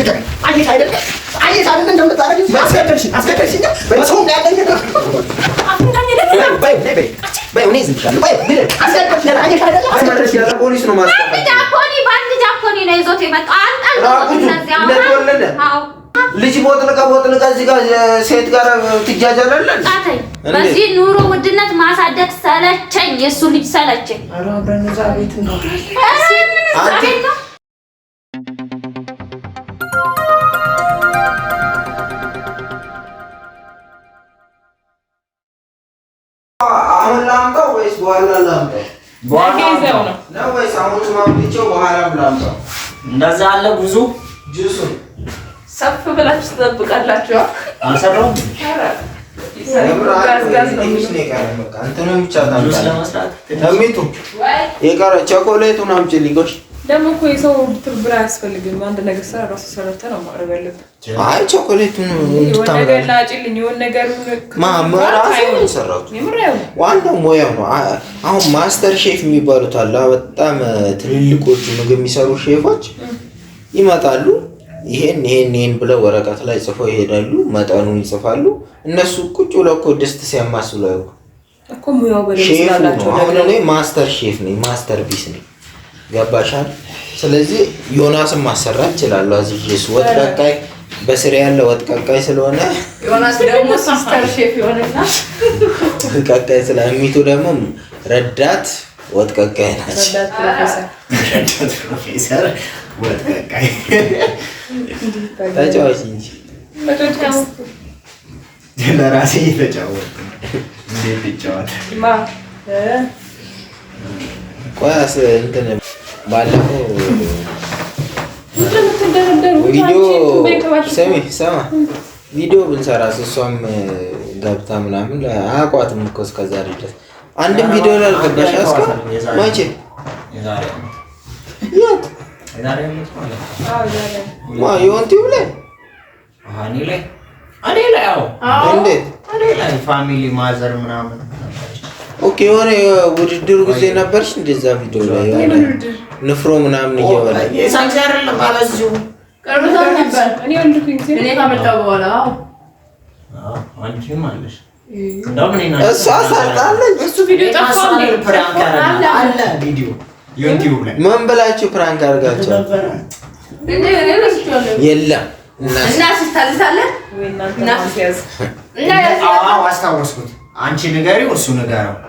ልጅ ቦጥልቃ ቦጥልቃ እዚህ ጋር ሴት ጋር ትጃጃላለህ። በዚህ ኑሮ ውድነት ማሳደግ ሰለቸኝ፣ የእሱ ልጅ ሰለቸኝ። እንደዛ አለ ብዙ ጁሱ ሰፍ ብላችሁ ትጠብቃላችሁ። አልሰራሁም። ቸኮሌቱን አምጪልኝ። ደግሞ እኮ የሰው ብር አያስፈልግም። አንድ ነገር ስራ ራሱ ሰርተህ ነው ማቅረብ ያለብህ። አይ ቾኮሌት ነገር ላጭልኝ የሆነ ነገር ዋናው ሙያው ነው። አሁን ማስተር ሼፍ የሚባሉት አለ። በጣም ትልልቆቹ ምግብ የሚሰሩ ሼፎች ይመጣሉ። ይሄን ይሄን ይሄን ብለው ወረቀት ላይ ጽፈው ይሄዳሉ። መጠኑን ይጽፋሉ። እነሱ ቁጭ ብለው እኮ ድስት ሲያማስሉ እኮ ሙያው በደምብ ስላላቸው። አሁን እኔ ማስተር ሼፍ ነኝ፣ ማስተር ቢስ ነኝ ገባሻል? ስለዚህ ዮናስን ማሰራት ይችላሉ። አዝዤስ ወጥ ቀቃይ በስር ያለ ወጥ ቀቃይ ስለሆነ ዮናስ ደግሞ ሲስተር ሼፍ ይሆንና ቀቃይ ስለ ሚቱ ደግሞ ረዳት ወጥ ቀቃይ ናቸው። ረዳት ፕሮፌሰር ወጥ ቀቃይ ተጫዋች እንጂ ለራሴ እየተጫወት እንዴት ይጫወታል? ቆይ እንትን ባለፈው ቪዲዮ ብንሰራ እሷም ገብታ ምናምን አያውቋትም እኮ እስከዛሬ ድረስ አንድም ቪዲዮ ላይ አልገባሽ። አስከ መቼ የት የወንቲው ላይ ፋሚሊ ማዘር ምናምን ኦኬ፣ የሆነ ውድድር ጊዜ ነበርሽ እንደዛ ቪዲዮ ላይ ንፍሮ ምናምን እየበላ እሷ ሳልጣለች ምን ብላችሁ ፕራንክ አድርጋቸው የለም እና ስታልታለን እና አዎ ያስታወስኩት አንቺ ንገሪው እሱ ንገረው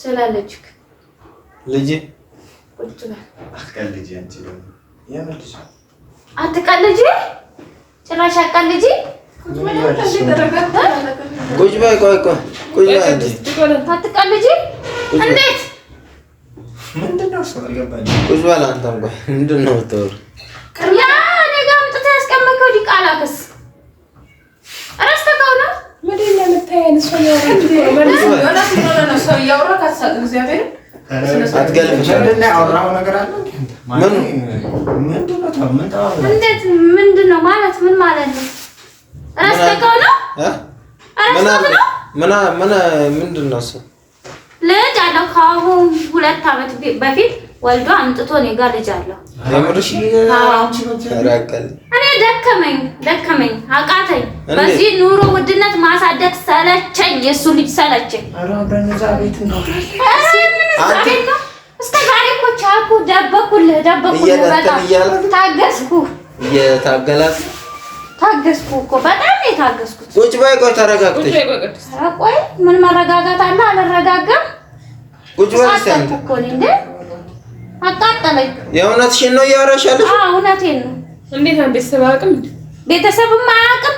ስላለችክ ልጄ አትቀልጂ አንቺ ደግሞ የምር ልጅ አትቀልጂ፣ ጭራሽ አትቀልጂ። ቁጭ በይ፣ ቆይ ቆይ፣ ቁጭ በይ አትቀልጂ። እንዴት ምንድን ነው ቁጭ በል አንተም፣ ቆይ ምንድን ነው የምታወሪው? ምንድን ማለት? ምን ማለት ነው? ረስተቀው ነው ምንድን ነው እሱ? ልጅ አለው ከአሁን ሁለት አመት በፊት ወልዶ አምጥቶ እኔ ጋር ልጅ አለው። እኔ ደከመኝ ደከመኝ አቃተኝ በዚህ ኑሮ ውድነት ማሳደግ ሰለቸኝ። የእሱ ልጅ ሰለቸኝ። እስከ ዛሬ እኮ ቻልኩ፣ ደበኩልህ፣ ደበኩልህ፣ ታገስኩ፣ እየታገላት ታገስኩ እኮ በጣም ነው የታገስኩት። ቁጭ በይ፣ ቆይ ተረጋግተሽ ቆይ። ምን መረጋጋት አለ? አልረጋጋም። ቁጭ በይ እኮ እንደ አቃጠለኝ። የእውነትሽን ነው እያወራሽ ያለሽው? አዎ እውነቴን ነው። እንዴት ነው ቤተሰብ አያውቅም? ቤተሰብም አያውቅም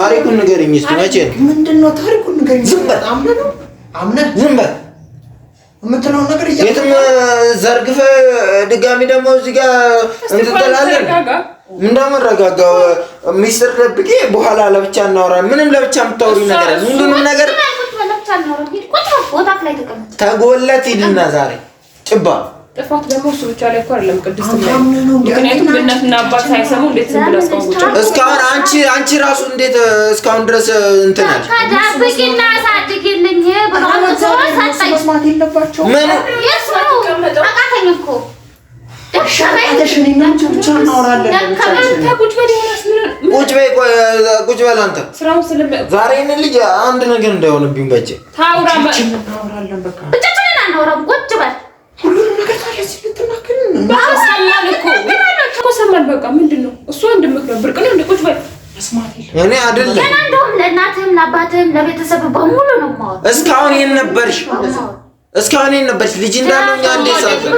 ታሪኩን ንገረኝ እስኪ። መቼ ነው? ምንድን ነው ታሪኩን ንገረኝ። ዝም በል አምነህ ነው አምነህ ዝም በል የምትለው ነገር የትም ዘርግፈ ድጋሚ ደግሞ እዚህ ጋር እንትጠላለን። እንደምረጋጋው ሚስጥር ደብቄ በኋላ ለብቻ እናወራ። ምንም ለብቻ የምታወሪ ነገር ሁሉንም ነገር ተጎለት ይልና ዛሬ ጭባ ጥፋት ደግሞ እሱ ብቻ ላይ እኮ አይደለም ቅድስት። ምክንያቱም እናትና አባት ሳይሰሙ እንዴት ዝም ብለህ አስቀምጦ እስካሁን አንቺ አንቺ ራሱ እንዴት እስካሁን ድረስ እንትን አለ። ዳብቂና አሳድጊልኝ መስማት የለባቸውም። አቃተኝ እኮ ቁጭ በይ ቁጭ በል አንተ። ዛሬ ይህንን ልጅ አንድ ነገር እንዳይሆንብኝ በጀ ታውራ ሰማን በቃ ምንድን ነው እኔ አይደለም ለእናትህም ለአባትህም ለቤተሰብ በሙሉ ነው እስካሁን ይሄን ነበርሽ እስካሁን ይሄን ነበርሽ ልጅ እንዳለው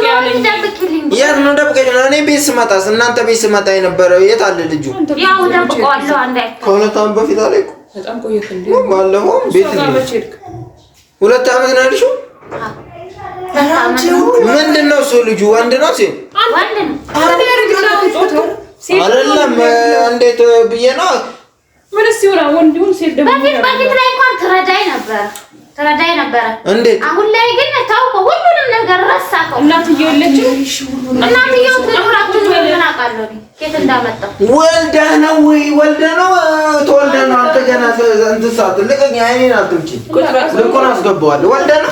እኛ እንዴት የት ነው ደብቀሽ እኔ ቤት ስመጣስ እናንተ ቤት ስመጣ የነበረው የት አለ ልጁ? ያው ደብቀዋለሁ። አንዴ ከሁለት ዓመት በፊት አለ እኮ በጣም ቆየት እንዴ ባለፈው ቤት ሁለት ዓመት ነው ያልሽው ምንድን ነው እሱ? ልጁ ወንድ ነው ሲል አይደለም እንዴት ብዬ ነው ምን ሲሆን ወንድሁን ሲል ደግሞ በፊት በፊት ላይ እንኳን ትረዳኝ ነበር ተረዳይ ነበረ። እንዴት አሁን ላይ ግን ታውቀው ሁሉንም ነገር ረሳከው። እናትዬው የለችም። እናትዬው ትራቱን ምን አውቃለሁ ኬት እንዳመጣው ወልደ ነው ወይ ወልደ ነው ተወልደ ነው። አንተ ገና እንትን ሰዓት ልቀኝ፣ አይኔን አትምጪ። ልኮን አስገባዋለሁ። ወልደ ነው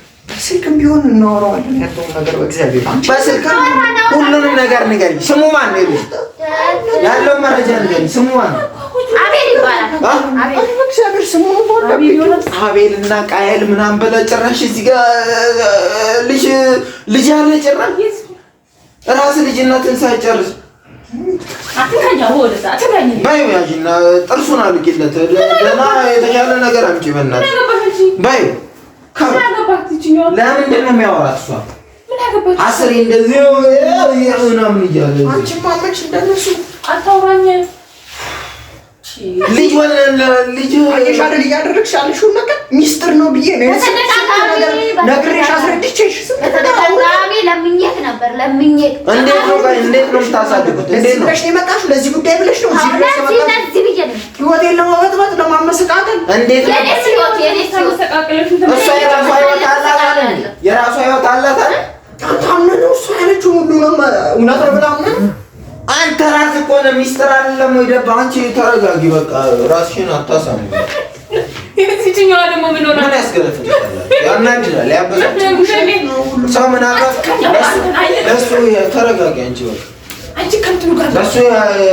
በስልክም ቢሆን እናወራዋለን። ያለውን ነገር በእግዚአብሔር በስልክም ሁሉንም ነገር ንገሪኝ። ስሙ ማን ነው? ያለውን መረጃ ንገሪኝ። ስሙ ማን እግዚአብሔር ስሙ ቃየል ምናምን ብለህ ጭራሽ እዚህ ጋር ልጅ ልጅ ያለ ጭራሽ ራስ ልጅነትን ሳይጨርስ በይ ያዥና ጥርሱን አልቂለት፣ ደህና የተሻለ ነገር አምጪ በእናትሽ በይ ለምንድን ነው የሚያወራት አስሬ እንደዚህ ምናምን እያለ አንቺማ መች እንደነሱ አታውራኝ ልጅ ልጅ አይሻል እያደረግሽ ያለሽውን ነገር ሚስጥር ነው ብዬ ነው ነግሬሽ አስረድቼሽ። በተደጋጋሚ ለምኜት ነበር ለምኜት። እንዴት ነው እንዴት ነው የምታሳድጉት? እንዴት ነው የመጣሽው? ለዚህ ጉዳይ ብለሽ ነው እዚህ ብለሽ የመጣሽው? ህይወቴን ለማበጥበጥ ለማመሰቃቀል። እንዴት ነው እሷ የራሷ ህይወት አላት የራሷ ህይወት አላት አይደል? እሷ ያለችውን ሁሉ ነው እውነት ነው ብላ አንተ ራስህ እኮ ነው ሚስጥር አይደለም ወይ? ደባ አንቺ ተረጋጊ፣ በቃ ራስሽን አታሳምኝ። የዚህኛዋ ደግሞ ምን ሆነ? ምን ያስገለፍልሻል? ያናድዳል፣ ያበሳጫል። ሰው ምናልባት ለእሱ ተረጋጊ አንቺ በቃ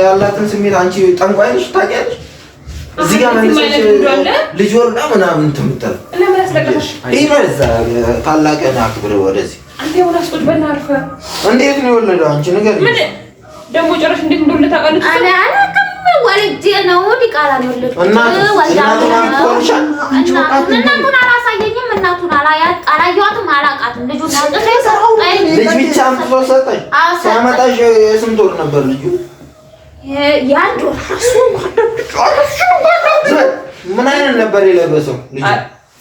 ያላትን ስሜት አንቺ ጠንቋይ ነሽ ታውቂያለሽ። እዚህ ጋር መልሰሽ ልጅ ወልዳ ምናምን እንትን የምትለው አክብር ወደዚህ እንዴት ነው የወለደው አንቺ ንገሪኝ ደግሞ ጭራሽ እንዴት እንደሆነ ታውቃለች። አላውቅም። ወልጄ ነው ዲቃላ ነው እናቱን አላሳየኝም። እናቱን ልጅ ብቻ ሰጠኝ። ነበር ልጁ? ምን አይነት ነበር የለበሰው ልጁ?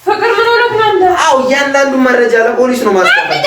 ፍቅር ምን እያንዳንዱ መረጃ ለፖሊስ ነው ማስጠፋት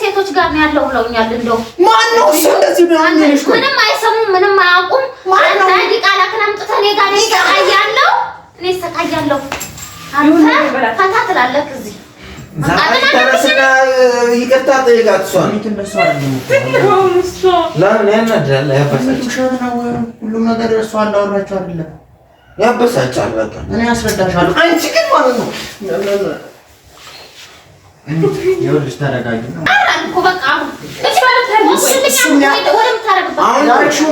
ሴቶች ጋር ነው ያለው ብለውኛል። እንደው ማን ነው እሱ? እንደዚህ ነው ምንም አይሰሙም፣ ምንም አያውቁም። ማን ነው ታዲ እኔ ጋር ነው ይሰቃያለሁ፣ እኔ ይሰቃያለሁ። አንተ ፈታ ትላለህ እዚህ ያበሳጫል። በቃ እኔ አስረዳሻለሁ። አንቺ ግን ማለት ነው ይኸውልሽ ተረጋጊ። አትዩ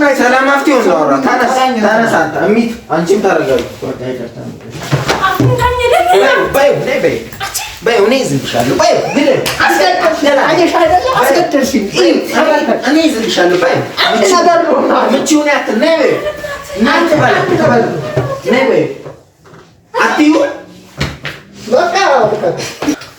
በቃ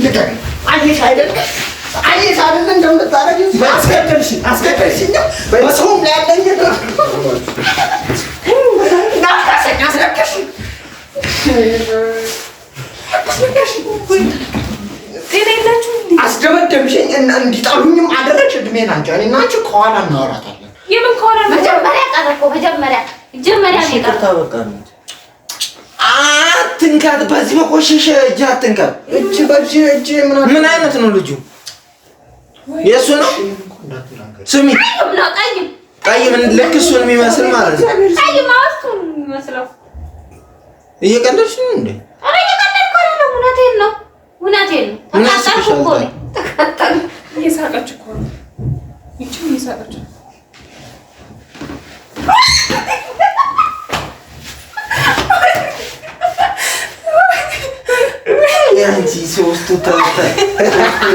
ልቀቀኝ። አየሽ አይደለ አስደመደምሽኝ እና እንዲጠሉኝም አደረግሽ። እድሜን አንቺ እኔና አንቺ ከኋላ እናወራታለን። የምን ከኋላ መጀመሪያ ቀረ እኮ መጀመሪያ መጀመሪያ ነው የቀረ አትንካት፣ በዚህ በቆሸሸ እጅ አትንካት። እጅ በእጅ እጅ ምን አይነት ነው ልጁ? የእሱ ነው። ስሚ፣ ቀይ ምን ልክ እሱን የሚመስል ማለት ነው። እየቀለድሽ ነው እንዴ? እውነቴን ነው፣ አንቺ ሶስቱ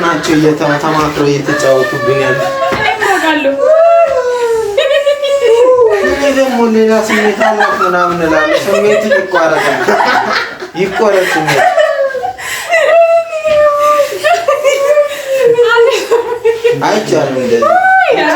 ናቸው እየተማክረው እየተጫወቱብኝ ያለ ደግሞ ሌላ ስሜት አላት ምናምን እላለሁ። ስሜት ይቆረጣል፣ ይቆረጥ ስሜት አይቻልም እንደዚህ